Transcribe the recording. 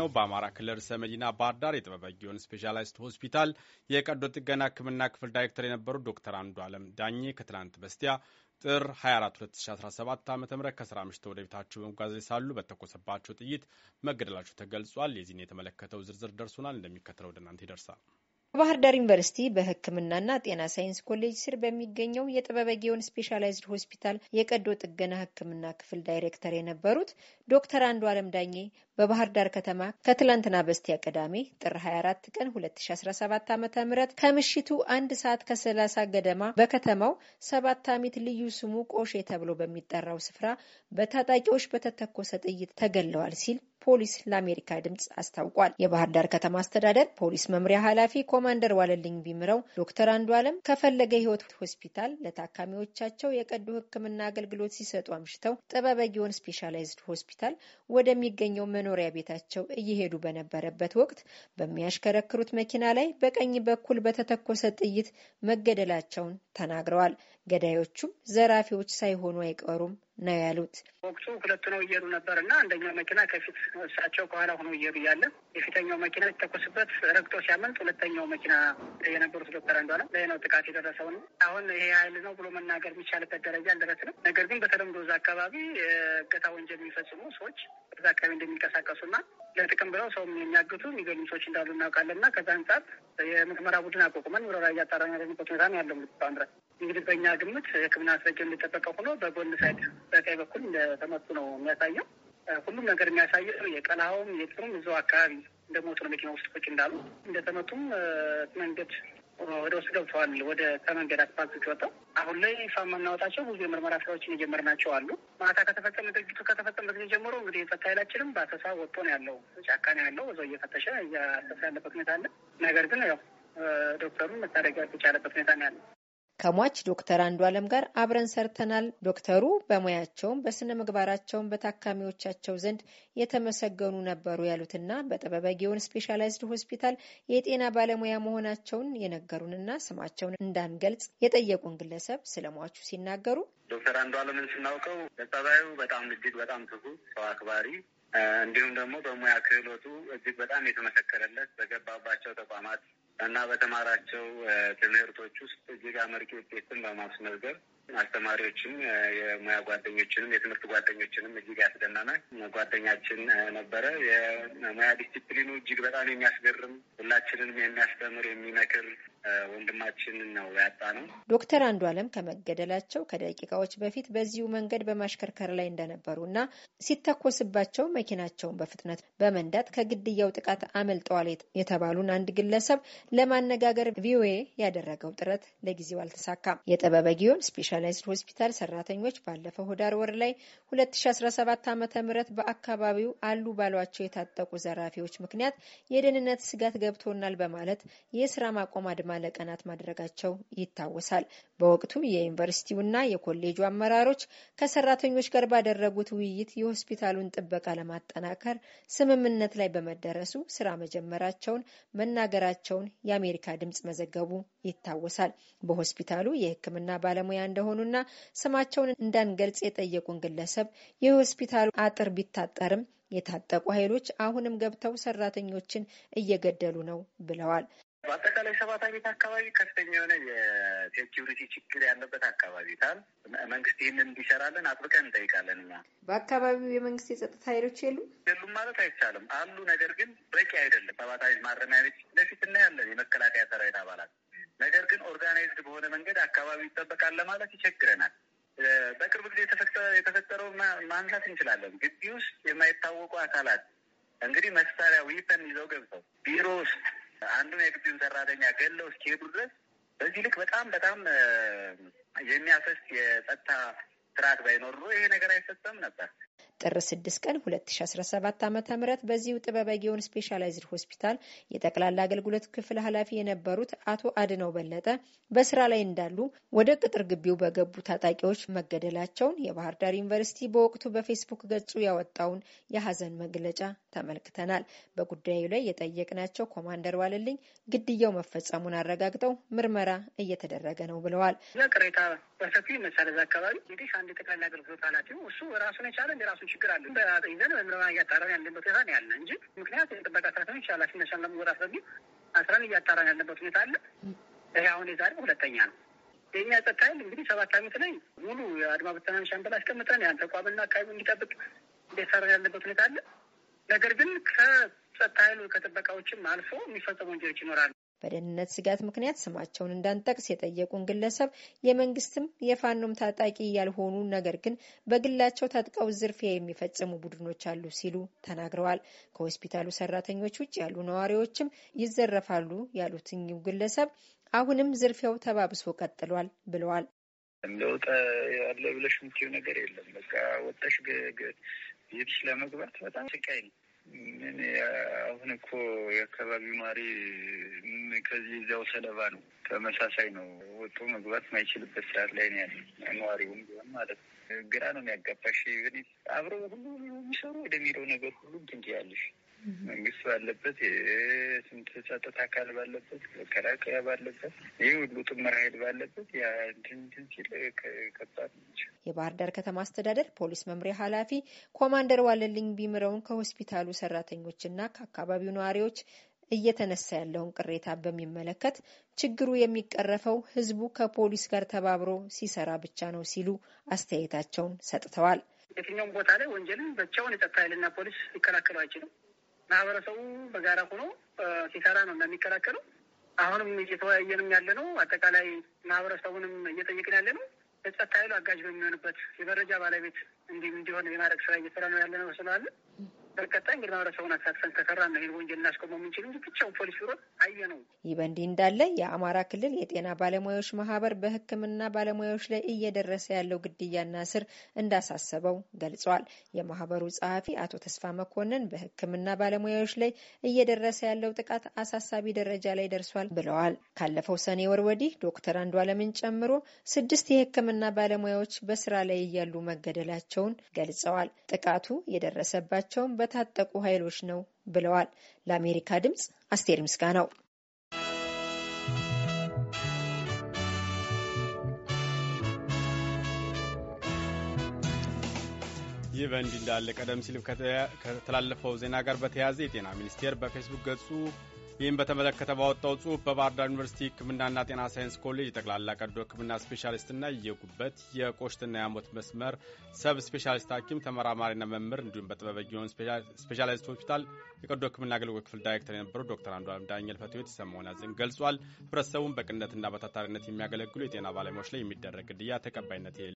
ነው በአማራ ክልል ርዕሰ መዲና ባህር ዳር የጥበበጊዮን ስፔሻላይዝድ ሆስፒታል የቀዶ ጥገና ሕክምና ክፍል ዳይሬክተር የነበሩ ዶክተር አንዱ አለም ዳኜ ከትናንት በስቲያ ጥር 24 2017 ዓ ም ከስራ ምሽተው ወደ ቤታቸው በመጓዝ ላይ ሳሉ በተኮሰባቸው ጥይት መገደላቸው ተገልጿል። የዚህን የተመለከተው ዝርዝር ደርሶናል፣ እንደሚከተለው ወደ እናንተ ይደርሳል። በባህር ዳር ዩኒቨርሲቲ በሕክምናና ጤና ሳይንስ ኮሌጅ ስር በሚገኘው የጥበበጊዮን ስፔሻላይዝድ ሆስፒታል የቀዶ ጥገና ሕክምና ክፍል ዳይሬክተር የነበሩት ዶክተር አንዱ አለም ዳኜ በባህር ዳር ከተማ ከትላንትና በስቲያ ቅዳሜ ጥር 24 ቀን 2017 ዓ ም ከምሽቱ አንድ ሰዓት ከ30 ገደማ በከተማው ሰባት አሚት ልዩ ስሙ ቆሼ ተብሎ በሚጠራው ስፍራ በታጣቂዎች በተተኮሰ ጥይት ተገለዋል ሲል ፖሊስ ለአሜሪካ ድምፅ አስታውቋል። የባህር ዳር ከተማ አስተዳደር ፖሊስ መምሪያ ኃላፊ ኮማንደር ዋለልኝ ቢምረው ዶክተር አንዱ አለም ከፈለገ ህይወት ሆስፒታል ለታካሚዎቻቸው የቀዶ ሕክምና አገልግሎት ሲሰጡ አምሽተው ጥበበ ጊዮን ስፔሻላይዝድ ሆስፒታል ወደሚገኘው መኖሪያ ቤታቸው እየሄዱ በነበረበት ወቅት በሚያሽከረክሩት መኪና ላይ በቀኝ በኩል በተተኮሰ ጥይት መገደላቸውን ተናግረዋል። ገዳዮቹም ዘራፊዎች ሳይሆኑ አይቀሩም ነው ያሉት። ወቅቱ ሁለቱ ነው እየሄዱ ነበር እና አንደኛው መኪና ከፊት እሳቸው ከኋላ ሆኖ እየሄዱ ያለ የፊተኛው መኪና ሲተኮስበት ረግጦ ሲያመልጥ፣ ሁለተኛው መኪና የነበሩት ዶክተር አንዷ ነው ላይ ነው ጥቃት የደረሰው። አሁን ይሄ ኃይል ነው ብሎ መናገር የሚቻልበት ደረጃ አልደረስ ነው። ነገር ግን በተለምዶ እዛ አካባቢ እገታ ወንጀል የሚፈጽሙ ሰዎች እዛ አካባቢ እንደሚንቀሳቀሱና ለጥቅም ብለው ሰው የሚያግቱ የሚገኙ ሰዎች እንዳሉ እናውቃለን እና ከዛ አንጻር የምርመራ ቡድን አቋቁመን ምርመራ እያጣራን ያለንበት ሁኔታ ነው ያለው። እንግዲህ በእኛ ግምት ሕክምና አስረጀ እንደጠበቀ ሆኖ በጎን ሳይድ በቀኝ በኩል እንደተመቱ ነው የሚያሳየው። ሁሉም ነገር የሚያሳየው የቀላውም የጥሩም እዛው አካባቢ እንደ ሞቱ ነው። መኪና ውስጥ ቁጭ እንዳሉ እንደተመቱም መንገድ ወደ ውስጥ ገብተዋል። ወደ ከመንገድ አስፋልት ወጥተው አሁን ላይ ይፋ የማናወጣቸው ብዙ የምርመራ ስራዎችን ናቸው አሉ። ማታ ከተፈጸመ ድርጊቱ ከተፈጸመ ጊዜ ጀምሮ እንግዲህ የጸጥታ ኃይላችንም በአሰሳ ወጥቶ ነው ያለው፣ ጫካ ነው ያለው፣ እዛው እየፈተሸ እያሰሳ ያለበት ሁኔታ አለ። ነገር ግን ያው ዶክተሩን መታደግ ያልተቻለበት ሁኔታ ነው ያለው። ከሟች ዶክተር አንዱ አለም ጋር አብረን ሰርተናል። ዶክተሩ በሙያቸውም በስነ ምግባራቸውም በታካሚዎቻቸው ዘንድ የተመሰገኑ ነበሩ ያሉትና በጥበበ ስፔሻላይዝድ ሆስፒታል የጤና ባለሙያ መሆናቸውን የነገሩንና ስማቸውን እንዳንገልጽ የጠየቁን ግለሰብ ስለ ሟቹ ሲናገሩ ዶክተር አለምን ስናውቀው በጸባዩ በጣም እጅግ በጣም ትጉ ሰው አክባሪ እንዲሁም ደግሞ በሙያ ክህሎቱ እጅግ በጣም የተመሰከረለት በገባባቸው ተቋማት እና በተማራቸው ትምህርቶች ውስጥ እጅግ አመርቂ ውጤትን በማስመዝገብ አስተማሪዎችን፣ የሙያ ጓደኞችንም፣ የትምህርት ጓደኞችንም እጅግ ያስደናናል ጓደኛችን ነበረ። የሙያ ዲስፕሊኑ እጅግ በጣም የሚያስገርም ሁላችንንም የሚያስተምር የሚመክር ወንድማችን ነው ያጣ ነው። ዶክተር አንዱ አለም ከመገደላቸው ከደቂቃዎች በፊት በዚሁ መንገድ በማሽከርከር ላይ እንደነበሩ እና ሲተኮስባቸው መኪናቸውን በፍጥነት በመንዳት ከግድያው ጥቃት አመልጠዋል የተባሉን አንድ ግለሰብ ለማነጋገር ቪኦኤ ያደረገው ጥረት ለጊዜው አልተሳካም። የጥበበ ጊዮን ስፔሻላይዝድ ሆስፒታል ሰራተኞች ባለፈው ህዳር ወር ላይ 2017 ዓ ም በአካባቢው አሉ ባሏቸው የታጠቁ ዘራፊዎች ምክንያት የደህንነት ስጋት ገብቶናል በማለት የስራ ማቆም አድማ ባለቀናት ማድረጋቸው ይታወሳል። በወቅቱ የዩኒቨርሲቲውና የኮሌጁ አመራሮች ከሰራተኞች ጋር ባደረጉት ውይይት የሆስፒታሉን ጥበቃ ለማጠናከር ስምምነት ላይ በመደረሱ ስራ መጀመራቸውን መናገራቸውን የአሜሪካ ድምጽ መዘገቡ ይታወሳል። በሆስፒታሉ የሕክምና ባለሙያ እንደሆኑና ስማቸውን እንዳንገልጽ የጠየቁን ግለሰብ የሆስፒታሉ አጥር ቢታጠርም የታጠቁ ኃይሎች አሁንም ገብተው ሰራተኞችን እየገደሉ ነው ብለዋል። በአጠቃላይ ሰባታ ቤት አካባቢ ከፍተኛ የሆነ የሴኪሪቲ ችግር ያለበት አካባቢ ታል መንግስት ይህንን እንዲሰራለን አጥብቀን እንጠይቃለን። እኛ በአካባቢው የመንግስት የጸጥታ ኃይሎች የሉ የሉም ማለት አይቻልም፣ አሉ። ነገር ግን በቂ አይደለም። ሰባታ ቤት ማረሚያ ቤት ለፊት እናያለን የመከላከያ ሰራዊት አባላት። ነገር ግን ኦርጋናይዝድ በሆነ መንገድ አካባቢ ይጠበቃል ለማለት ይቸግረናል። በቅርብ ጊዜ የተፈጠረው ማንሳት እንችላለን። ግቢ ውስጥ የማይታወቁ አካላት እንግዲህ መሳሪያ ዊፐን ይዘው ገብተው ቢሮ ውስጥ አንዱን የግቢውን ሰራተኛ ገለው እስኪሄዱ ድረስ በዚህ ልክ በጣም በጣም የሚያፈስ የጸጥታ ስርዓት ባይኖር ይሄ ነገር አይፈጸም ነበር። ጥር 6 ቀን 2017 ዓ ም በዚሁ ጥበበ ጊዮን ስፔሻላይዝድ ሆስፒታል የጠቅላላ አገልግሎት ክፍል ኃላፊ የነበሩት አቶ አድነው በለጠ በስራ ላይ እንዳሉ ወደ ቅጥር ግቢው በገቡ ታጣቂዎች መገደላቸውን የባህር ዳር ዩኒቨርሲቲ በወቅቱ በፌስቡክ ገጹ ያወጣውን የሀዘን መግለጫ ተመልክተናል። በጉዳዩ ላይ የጠየቅናቸው ኮማንደር ዋልልኝ ግድያው መፈጸሙን አረጋግጠው ምርመራ እየተደረገ ነው ብለዋል። ቅሬታ በሰፊ መሰረዝ አካባቢ እንግዲህ አንድ ጠቅላላ አገልግሎት ኃላፊው እሱ ራሱን የቻለ እንደ ራሱ የራሱን ችግር አለ ይዘን ምርመራ እያጣራን ያለበት ሁኔታ ነው ያለ እንጂ ምክንያት የጥበቃ ሰራተኞች ኃላፊነታቸውን ለመወጣት በሚል አስራን እያጣራን ያለበት ሁኔታ አለ። ይህ አሁን የዛሬ ሁለተኛ ነው። የእኛ ጸጥታ ኃይል እንግዲህ ሰባት ዓመት ላይ ሙሉ የአድማ ብተናን ሻምበል አስቀምጠን ያን ተቋምና አካባቢ እንዲጠብቅ እንደሰራ ያለበት ሁኔታ አለ። ነገር ግን ከጸጥታ ኃይሉ ከጥበቃዎችም አልፎ የሚፈጸሙ ወንጀሎች ይኖራሉ። በደህንነት ስጋት ምክንያት ስማቸውን እንዳንጠቅስ የጠየቁን ግለሰብ የመንግስትም የፋኖም ታጣቂ ያልሆኑ ነገር ግን በግላቸው ታጥቀው ዝርፊያ የሚፈጽሙ ቡድኖች አሉ ሲሉ ተናግረዋል። ከሆስፒታሉ ሰራተኞች ውጭ ያሉ ነዋሪዎችም ይዘረፋሉ ያሉት እኚሁ ግለሰብ አሁንም ዝርፊያው ተባብሶ ቀጥሏል ብለዋል። ለውጥ ያለ ብለሽ ምትው ነገር የለም። በቃ ወጣሽ ቤትሽ ለመግባት በጣም ስቃይ ነው። ምን አሁን እኮ የአካባቢው ማሪ ከዚህ እዚያው ሰለባ ነው። ተመሳሳይ ነው። ወጡ መግባት ማይችልበት ሰዓት ላይ ነው ያለ ነዋሪውም ቢሆን ማለት ነው። ግራ ነው የሚያጋባሽ። አብረው ሁሉ የሚሰሩ ወደሚለው ነገር ሁሉ ትንጅ ያለሽ መንግስት ባለበት የስንት ጸጥታ አካል ባለበት መከላከያ ባለበት ይህ ሁሉ ጥምር ኃይል ባለበት ያንድንድን ሲል ከባድ ናቸው። የባህር ዳር ከተማ አስተዳደር ፖሊስ መምሪያ ኃላፊ ኮማንደር ዋለልኝ ቢምረውን ከሆስፒታሉ ሰራተኞችና ከአካባቢው ነዋሪዎች እየተነሳ ያለውን ቅሬታ በሚመለከት ችግሩ የሚቀረፈው ህዝቡ ከፖሊስ ጋር ተባብሮ ሲሰራ ብቻ ነው ሲሉ አስተያየታቸውን ሰጥተዋል። የትኛውም ቦታ ላይ ወንጀልን ብቻውን የጸጥታ ኃይልና ፖሊስ ሊከላከሉ አይችልም። ማህበረሰቡ በጋራ ሆኖ ሲሰራ ነው እንደሚከላከለው። የሚከላከለው። አሁንም እየተወያየንም ያለ ነው። አጠቃላይ ማህበረሰቡንም እየጠየቅን ያለ ነው። የጸጥታ ኃይሉ አጋዥ በሚሆንበት የመረጃ ባለቤት እንዲሁም እንዲሆን የማድረግ ስራ እየሰራ ነው ያለ ነው ስላለ በቀጣይ እንግዲህ ማህበረሰቡን አሳትፈን ከሰራ ነው ይህን ወንጀል እናስቆመው የምንችል እንጂ ብቻውን ፖሊስ ቢሮ አየ ነው። ይህ በእንዲህ እንዳለ የአማራ ክልል የጤና ባለሙያዎች ማህበር በሕክምና ባለሙያዎች ላይ እየደረሰ ያለው ግድያና ስር እንዳሳሰበው ገልጿል። የማህበሩ ጸሐፊ አቶ ተስፋ መኮንን በሕክምና ባለሙያዎች ላይ እየደረሰ ያለው ጥቃት አሳሳቢ ደረጃ ላይ ደርሷል ብለዋል። ካለፈው ሰኔ ወር ወዲህ ዶክተር አንዱ አለምን ጨምሮ ስድስት የሕክምና ባለሙያዎች በስራ ላይ እያሉ መገደላቸውን ገልጸዋል። ጥቃቱ የደረሰባቸውን በ በታጠቁ ኃይሎች ነው ብለዋል። ለአሜሪካ ድምፅ አስቴር ምስጋናው። ይህ በእንዲህ እንዳለ ቀደም ሲል ከተላለፈው ዜና ጋር በተያያዘ የጤና ሚኒስቴር በፌስቡክ ገጹ ይህም በተመለከተ ባወጣው ጽሁፍ በባህር ዳር ዩኒቨርሲቲ ህክምናና ጤና ሳይንስ ኮሌጅ የጠቅላላ ቀዶ ሕክምና ስፔሻሊስትና የጉበት የቆሽትና የሐሞት መስመር ሰብ ስፔሻሊስት ሐኪም ተመራማሪና መምህር እንዲሁም በጥበበ ጊዮን ስፔሻላይዝድ ሆስፒታል የቀዶ ህክምና አገልግሎት ክፍል ዳይሬክተር የነበረው ዶክተር አንዱዓለም ዳንኤል ፈትወት የሰማውን ሐዘን ገልጿል። ህብረተሰቡን በቅንነትና በታታሪነት የሚያገለግሉ የጤና ባለሙያዎች ላይ የሚደረግ ግድያ ተቀባይነት የሌለው